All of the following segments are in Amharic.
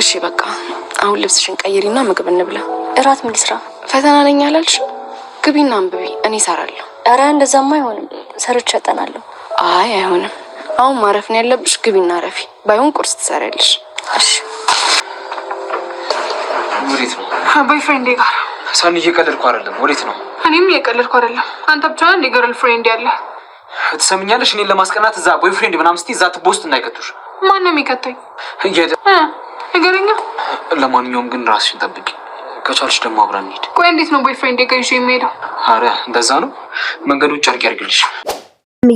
እሺ በቃ አሁን ልብስሽን ቀይሪና ምግብ እንብላ። እራት ምን ልስራ? ፈተና ነኝ አላልሽም? ግቢና አንብቢ፣ እኔ እሰራለሁ። ኧረ እንደዛማ አይሆንም፣ ሰርቼ እጠናለሁ። አይ አይሆንም። አሁን ማረፍ ነው ያለብሽ። ግቢና አረፊ፣ ባይሆን ቁርስ ትሰሪያለሽ። እሺ ወዴት ነው? ቦይፍሬንዴ ጋር ሳኒ። እየቀለድኩ አይደለም። ወዴት ነው? እኔም እየቀለድኩ አይደለም። አንተ ብቻ እንደ ገርል ፍሬንድ ያለህ ትሰምኛለሽ? እኔን ለማስቀናት እዛ ቦይፍሬንድ ምናምን ስትይ እዛ ትቦ ውስጥ እንዳይከቱሽ። ማን ነው የሚከተኝ? ነገረኛ። ለማንኛውም ግን ራስሽን ጠብቂ። ከቻልሽ ደግሞ አብረን እንሂድ። ቆይ እንዴት ነው ቦይፍሬንድ የገዥ የሚሄደው? አረ እንደዛ ነው። መንገዱ ውጭ አድርጊ ያርግልሽ።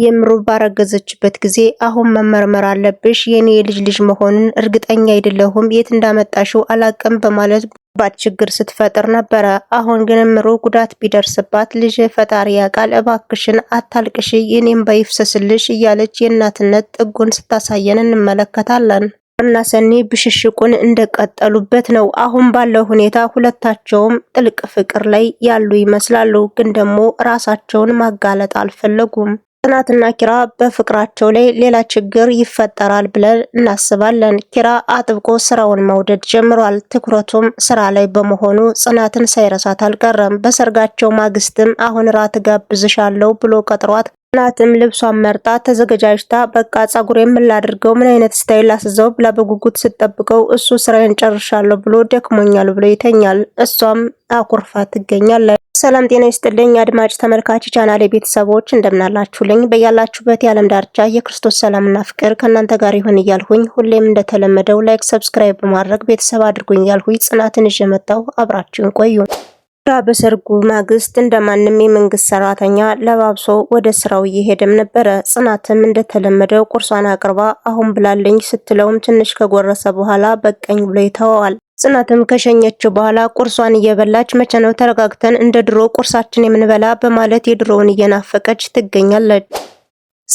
የምሩ ባረገዘችበት ጊዜ አሁን መመርመር አለብሽ። የኔ የልጅ ልጅ መሆኑን እርግጠኛ አይደለሁም፣ የት እንዳመጣሽው አላቅም በማለት ከባድ ችግር ስትፈጥር ነበረ። አሁን ግን እምሩ ጉዳት ቢደርስባት ልጅ ፈጣሪ ያውቃል፣ እባክሽን አታልቅሽ፣ የኔም በይፍሰስልሽ እያለች የእናትነት ጥጉን ስታሳየን እንመለከታለን። እና ሰኒ ብሽሽቁን እንደቀጠሉበት ነው። አሁን ባለው ሁኔታ ሁለታቸውም ጥልቅ ፍቅር ላይ ያሉ ይመስላሉ፣ ግን ደግሞ ራሳቸውን ማጋለጥ አልፈለጉም። ጽናትና ኪራ በፍቅራቸው ላይ ሌላ ችግር ይፈጠራል ብለን እናስባለን። ኪራ አጥብቆ ስራውን መውደድ ጀምሯል። ትኩረቱም ስራ ላይ በመሆኑ ጽናትን ሳይረሳት አልቀረም። በሰርጋቸው ማግስትም አሁን ራት ጋብዝሻለሁ ብሎ ቀጥሯት ጽናትም ልብሷን መርጣ ተዘገጃጅታ በቃ ጸጉር ምን ምን አይነት ስታይል አስዘው ብላ በጉጉት ስጠብቀው እሱ ስራዬን ጨርሻለሁ ብሎ ደክሞኛል ብሎ ይተኛል። እሷም አኩርፋ ትገኛለች። ሰላም ጤና ይስጥልኝ አድማጭ ተመልካች ቻናል ቤተሰቦች እንደምናላችሁልኝ በያላችሁበት የዓለም ዳርቻ የክርስቶስ ሰላምና ፍቅር ከእናንተ ጋር ይሁን እያልሁኝ ሁሌም እንደተለመደው ላይክ፣ ሰብስክራይብ በማድረግ ቤተሰብ አድርጉኝ እያልሁኝ ጽናትን ይዤ መጣሁ። አብራችሁን ቆዩ። ራ በሰርጉ ማግስት እንደማንም የመንግስት ሰራተኛ ለባብሶ ወደ ስራው እየሄደም ነበረ። ጽናትም እንደተለመደው ቁርሷን አቅርባ አሁን ብላለኝ ስትለውም ትንሽ ከጎረሰ በኋላ በቀኝ ብሎ ይተወዋል። ጽናትም ከሸኘችው በኋላ ቁርሷን እየበላች መቼ ነው ተረጋግተን እንደ ድሮ ቁርሳችን የምንበላ በማለት የድሮውን እየናፈቀች ትገኛለች።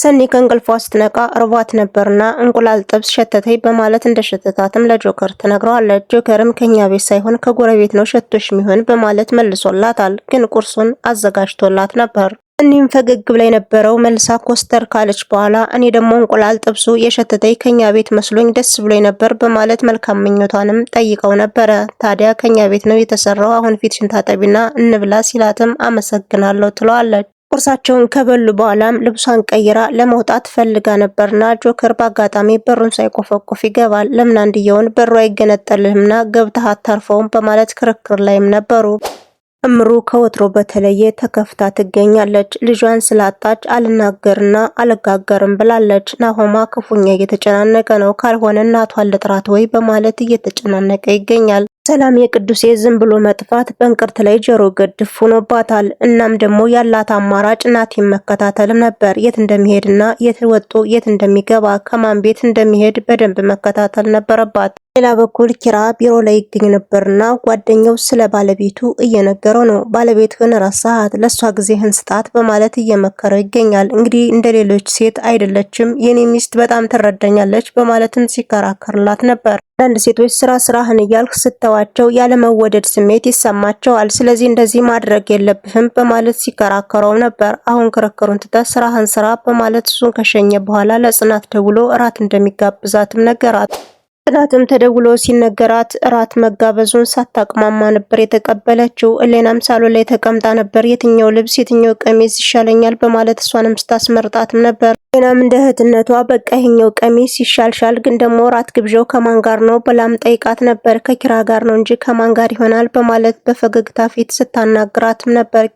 ሰኒ ከእንቅልፏ ስትነቃ እርቧት ነበርና እንቁላል ጥብስ ሸተተኝ በማለት እንደሸተታትም ለጆከር ትነግረዋለች። ጆከርም ከኛ ቤት ሳይሆን ከጎረቤት ነው ሸቶሽ የሚሆን በማለት መልሶላታል። ግን ቁርሱን አዘጋጅቶላት ነበር። እኒህም ፈገግ ብላ የነበረው መልሳ ኮስተር ካለች በኋላ እኔ ደግሞ እንቁላል ጥብሱ የሸተተኝ ከኛ ቤት መስሎኝ ደስ ብሎኝ ነበር በማለት መልካም ምኞቷንም ጠይቀው ነበረ። ታዲያ ከኛ ቤት ነው የተሰራው፣ አሁን ፊትሽን ታጠቢና እንብላ ሲላትም አመሰግናለሁ ትለዋለች። ቁርሳቸውን ከበሉ በኋላም ልብሷን ቀይራ ለመውጣት ፈልጋ ነበርና ጆከር በአጋጣሚ በሩን ሳይቆፈቆፍ ይገባል። ለምን አንድየውን በሩ አይገነጠልምና ገብተህ አታርፈውም በማለት ክርክር ላይም ነበሩ። እምሩ ከወትሮ በተለየ ተከፍታ ትገኛለች። ልጇን ስላጣች አልናገርና አልጋገርም ብላለች። ናሆማ ክፉኛ እየተጨናነቀ ነው። ካልሆነ እናቷን ልጥራት ወይ በማለት እየተጨናነቀ ይገኛል። ሰላም የቅዱሴ ዝም ብሎ መጥፋት በእንቅርት ላይ ጆሮ ገድፍ ሆኖባታል። እናም ደግሞ ያላት አማራጭ ናቲን መከታተልም ነበር። የት እንደሚሄድና የት ወጦ የት እንደሚገባ ከማን ቤት እንደሚሄድ በደንብ መከታተል ነበረባት። ሌላ በኩል ኪራ ቢሮ ላይ ይገኝ ነበርና ጓደኛው ስለ ባለቤቱ እየነገረው ነው። ባለቤትህን ረሳሃት፣ ለእሷ ጊዜህን ስጣት በማለት እየመከረው ይገኛል። እንግዲህ እንደ ሌሎች ሴት አይደለችም፣ የኔ ሚስት በጣም ትረዳኛለች በማለትም ሲከራከርላት ነበር። አንዳንድ ሴቶች ስራ ስራህን እያልክ ስተዋቸው ያለመወደድ ስሜት ይሰማቸዋል። ስለዚህ እንደዚህ ማድረግ የለብህም በማለት ሲከራከረው ነበር። አሁን ክርክሩን ትተህ ስራህን ስራ በማለት እሱን ከሸኘ በኋላ ለጽናት ደውሎ እራት እንደሚጋብዛትም ነገራት። ጽናትም ተደውሎ ሲነገራት እራት መጋበዙን ሳታቅማማ ነበር የተቀበለችው። እሌናም ሳሎን ላይ ተቀምጣ ነበር። የትኛው ልብስ የትኛው ቀሚስ ይሻለኛል በማለት እሷንም ስታስመርጣትም ነበር። ሌናም እንደ እህትነቷ በቃ ይሄኛው ቀሚስ ይሻልሻል፣ ግን ደግሞ እራት ግብዣው ከማን ጋር ነው ብላም ጠይቃት ነበር። ከኪራ ጋር ነው እንጂ ከማን ጋር ይሆናል በማለት በፈገግታ ፊት ስታናግራትም ነበር።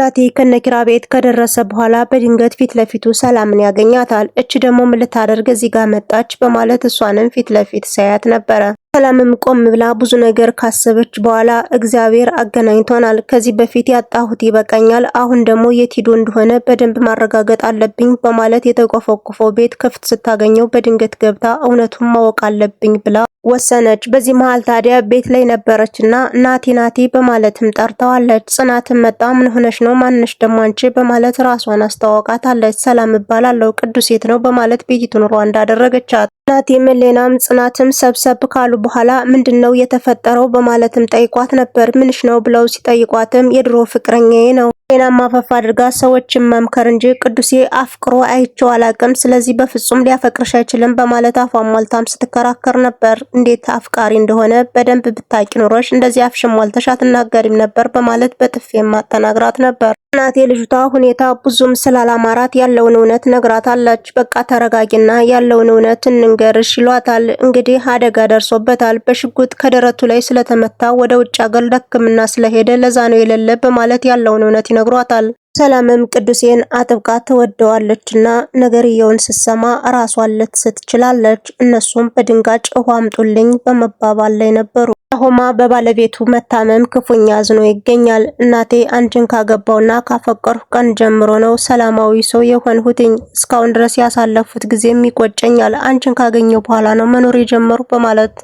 ናቲ ከነኪራ ቤት ከደረሰ በኋላ በድንገት ፊት ለፊቱ ሰላምን ያገኛታል። እች ደግሞ ምን ልታደርግ እዚህ ጋር መጣች በማለት እሷንም ፊት ለፊት ሳያት ነበረ። ሰላምም ቆም ብላ ብዙ ነገር ካሰበች በኋላ እግዚአብሔር አገናኝቶናል። ከዚህ በፊት ያጣሁት ይበቃኛል፣ አሁን ደግሞ የት እንደሆነ በደንብ ማረጋገጥ አለብኝ በማለት የተቆፈቆፈው ቤት ክፍት ስታገኘው በድንገት ገብታ እውነቱን ማወቅ አለብኝ ብላ ወሰነች። በዚህ መሀል ታዲያ ቤት ላይ ነበረችና ናቲ ናቲ በማለትም ጠርተዋለች። ጽናትን መጣ። ምን ሆነሽ ነው? ማንሽ ደግሞ አንቺ? በማለት ራሷን አስተዋውቃታለች። ሰላም እባላለሁ፣ ቅዱስ ሴት ነው? በማለት ቤቲቱን ሯ እንዳደረገቻት ናቲም ሌናም ጽናትም ሰብሰብ ካሉ በኋላ ምንድን ነው የተፈጠረው በማለትም ጠይቋት ነበር። ምንሽ ነው ብለው ሲጠይቋትም የድሮ ፍቅረኛዬ ነው ጤናማ ፈፋ አድርጋ ሰዎችን መምከር እንጂ ቅዱሴ አፍቅሮ አይቼው አላቅም፣ ስለዚህ በፍጹም ሊያፈቅርሽ አይችልም በማለት አፏን ሞልታም ስትከራከር ነበር። እንዴት አፍቃሪ እንደሆነ በደንብ ብታቂ ኑሮሽ እንደዚህ አፍሽን ሞልተሽ አትናገሪም ነበር በማለት በጥፌ ማጠናግራት ነበር። እናቴ ልጅቷ ሁኔታ ብዙም ስላላማራት ያለውን እውነት ነግራታለች። በቃ ተረጋጊና ያለውን እውነት እንንገርሽ ይሏታል። እንግዲህ አደጋ ደርሶበታል። በሽጉጥ ከደረቱ ላይ ስለተመታ ወደ ውጭ ሀገር ለሕክምና ስለሄደ ለዛ ነው የሌለ በማለት ያለውን እውነት ይነ ነግሯታል። ሰላምም ቅዱሴን አጥብቃ ትወደዋለችና ነገርየውን ስትሰማ ራሷን ልትስት ትችላለች። እነሱም በድንጋጭ ውሃ አምጡልኝ በመባባል ላይ ነበሩ። ናሆማ በባለቤቱ መታመም ክፉኛ አዝኖ ይገኛል። እናቴ አንቺን ካገባውና ካፈቀርሁ ቀን ጀምሮ ነው ሰላማዊ ሰው የሆንሁትኝ። እስካሁን ድረስ ያሳለፉት ጊዜም ይቆጨኛል። አንቺን ካገኘው በኋላ ነው መኖር የጀመሩ በማለት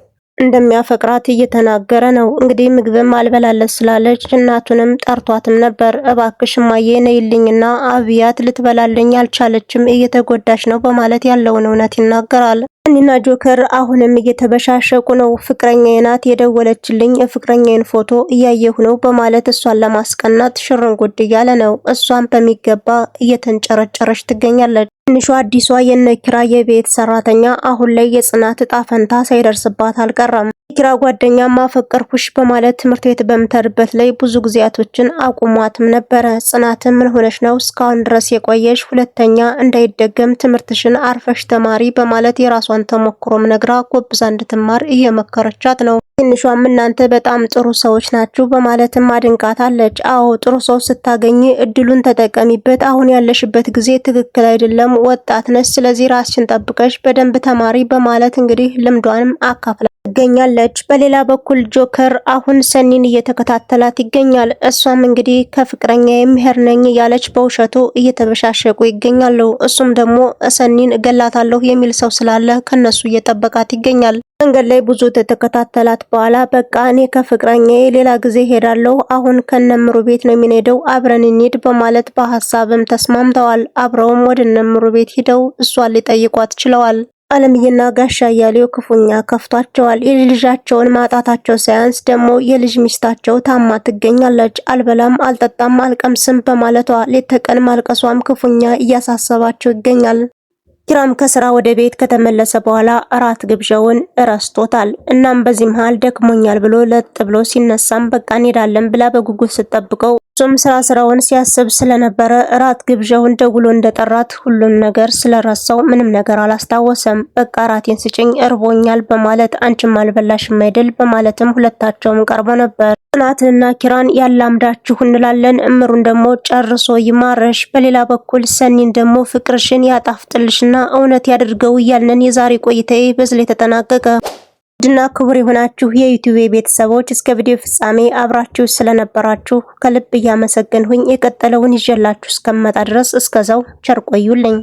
እንደሚያፈቅራት እየተናገረ ነው። እንግዲህ ምግብም አልበላለች ስላለች እናቱንም ጠርቷትም ነበር። እባክሽ እማዬ ነይልኝና አብያት ልትበላልኝ አልቻለችም እየተጎዳች ነው በማለት ያለውን እውነት ይናገራል። እኒና ጆከር አሁንም እየተበሻሸቁ ነው። ፍቅረኛዬ ናት የደወለችልኝ፣ የፍቅረኛዬን ፎቶ እያየሁ ነው በማለት እሷን ለማስቀናት ሽርንጉድ እያለ ነው። እሷን በሚገባ እየተንጨረጨረች ትገኛለች። ትንሿ አዲሷ የነኪራ የቤት ሰራተኛ አሁን ላይ የጽናት እጣ ፈንታ ሳይደርስባት አልቀረም። የኪራ ጓደኛ ማፈቀርኩሽ በማለት ትምህርት ቤት በምተርበት ላይ ብዙ ጊዜያቶችን አቁሟትም ነበረ። ጽናትም ምን ሆነሽ ነው እስካሁን ድረስ የቆየሽ? ሁለተኛ እንዳይደገም ትምህርትሽን አርፈሽ ተማሪ በማለት የራሷን ተሞክሮም ነግራ ጎብዛ እንድትማር እየመከረቻት ነው። ትንሿም እናንተ በጣም ጥሩ ሰዎች ናችሁ በማለትም አድንቃታለች። አዎ ጥሩ ሰው ስታገኝ እድሉን ተጠቀሚበት። አሁን ያለሽበት ጊዜ ትክክል አይደለም፣ ወጣት ነች ስለዚህ ራስሽን ጠብቀሽ በደንብ ተማሪ በማለት እንግዲህ ልምዷንም አካፍላል ትገኛለች። በሌላ በኩል ጆከር አሁን ሰኒን እየተከታተላት ይገኛል። እሷም እንግዲህ ከፍቅረኛ የምሄር ነኝ እያለች በውሸቱ እየተበሻሸቁ ይገኛሉ። እሱም ደግሞ ሰኒን እገላታለሁ የሚል ሰው ስላለ ከነሱ እየጠበቃት ይገኛል። መንገድ ላይ ብዙ ተተከታተላት በኋላ በቃ እኔ ከፍቅረኛዬ ሌላ ጊዜ ሄዳለሁ፣ አሁን ከነምሩ ቤት ነው የሚንሄደው አብረን እንሂድ በማለት በሀሳብም ተስማምተዋል። አብረውም ወደ ነምሩ ቤት ሂደው እሷን ሊጠይቋት ችለዋል። አለምዬና ጋሻ እያሌው ክፉኛ ከፍቷቸዋል። የልጃቸውን ማጣታቸው ሳያንስ ደግሞ የልጅ ሚስታቸው ታማ ትገኛለች። አልበላም፣ አልጠጣም፣ አልቀምስም በማለቷ ሌት ተቀን ማልቀሷም ክፉኛ እያሳሰባቸው ይገኛል። ኪራም ከስራ ወደ ቤት ከተመለሰ በኋላ እራት ግብዣውን እረስቶታል። እናም በዚህ መሃል ደክሞኛል ብሎ ለጥ ብሎ ሲነሳም በቃ እንሄዳለን ብላ በጉጉት ስትጠብቀው ፍጹም ስራ ስራውን ሲያስብ ስለነበረ እራት ግብዣውን ደውሎ እንደጠራት ሁሉን ነገር ስለረሳው ምንም ነገር አላስታወሰም። በቃ እራቴን ስጭኝ እርቦኛል በማለት አንቺም አልበላሽም አይደል በማለትም ሁለታቸውም ቀርቦ ነበር። ጽናትንና ኪራን ያላምዳችሁ እንላለን። እምሩን ደግሞ ጨርሶ ይማረሽ። በሌላ በኩል ሰኒን ደግሞ ፍቅርሽን ያጣፍጥልሽና እውነት ያድርገው እያልን የዛሬ ቆይታዬ በዚህ ላይ ተጠናቀቀ። ድና ክቡር የሆናችሁ የዩቲዩብ ቤተሰቦች እስከ ቪዲዮ ፍጻሜ አብራችሁ ስለነበራችሁ ከልብ እያመሰገንሁኝ የቀጠለውን ይዤላችሁ እስከመጣ ድረስ እስከዛው ቸር ቆዩልኝ።